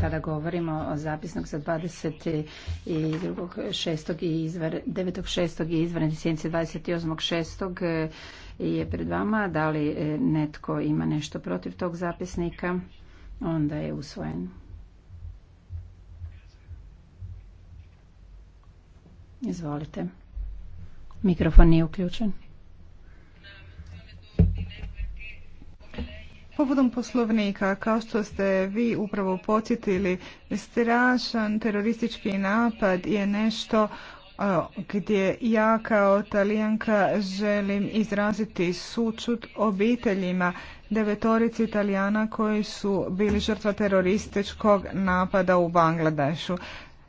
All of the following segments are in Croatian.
kada govorimo o zapisnog sa 22.6. i izvar, 9.6. i izvarne sjednice 28.6. Eh, je pred vama. Da li eh, netko ima nešto protiv tog zapisnika? Onda je usvojen. Izvolite. Mikrofon nije uključen. Povodom poslovnika, kao što ste vi upravo podsjetili, strašan teroristički napad je nešto gdje ja kao talijanka želim izraziti sučut obiteljima devetorici italijana koji su bili žrtva terorističkog napada u Bangladešu.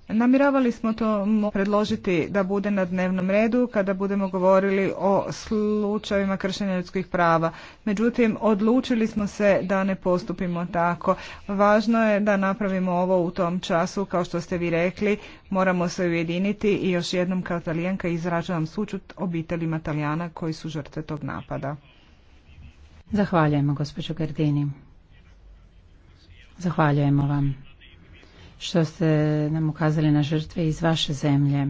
Namiravali smo to predložiti da bude na dnevnom redu kada budemo govorili o slučajevima kršenja ljudskih prava. Međutim, odlučili smo se da ne postupimo tako. Važno je da napravimo ovo u tom času, kao što ste vi rekli, moramo se ujediniti i još jednom kao talijanka izražavam sučut obiteljima Talijana koji su žrtve tog napada. Zahvaljujemo, gospođo Gardini. Zahvaljujemo vam što ste nam ukazali na žrtve iz vaše zemlje.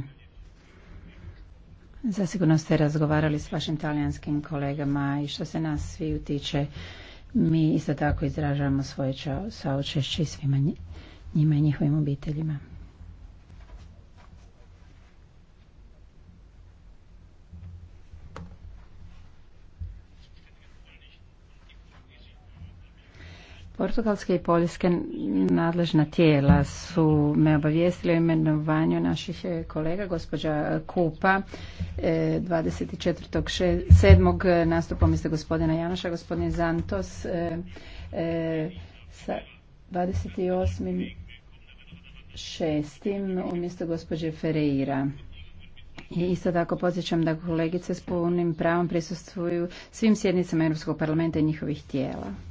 Zasigurno ste razgovarali s vašim talijanskim kolegama i što se nas svi utiče, mi isto tako izražavamo svoje saočešće i svima njima i njihovim obiteljima. Portugalske i poljske nadležna tijela su me obavijestili o imenovanju naših e, kolega, gospođa Kupa, 24.7. E, e, nastupom iste gospodina Janoša, gospodin Zantos, sa 28.6. umjesto gospođe Ferreira. I isto tako podsjećam da kolegice s punim pravom prisustvuju svim sjednicama Europskog parlamenta i njihovih tijela.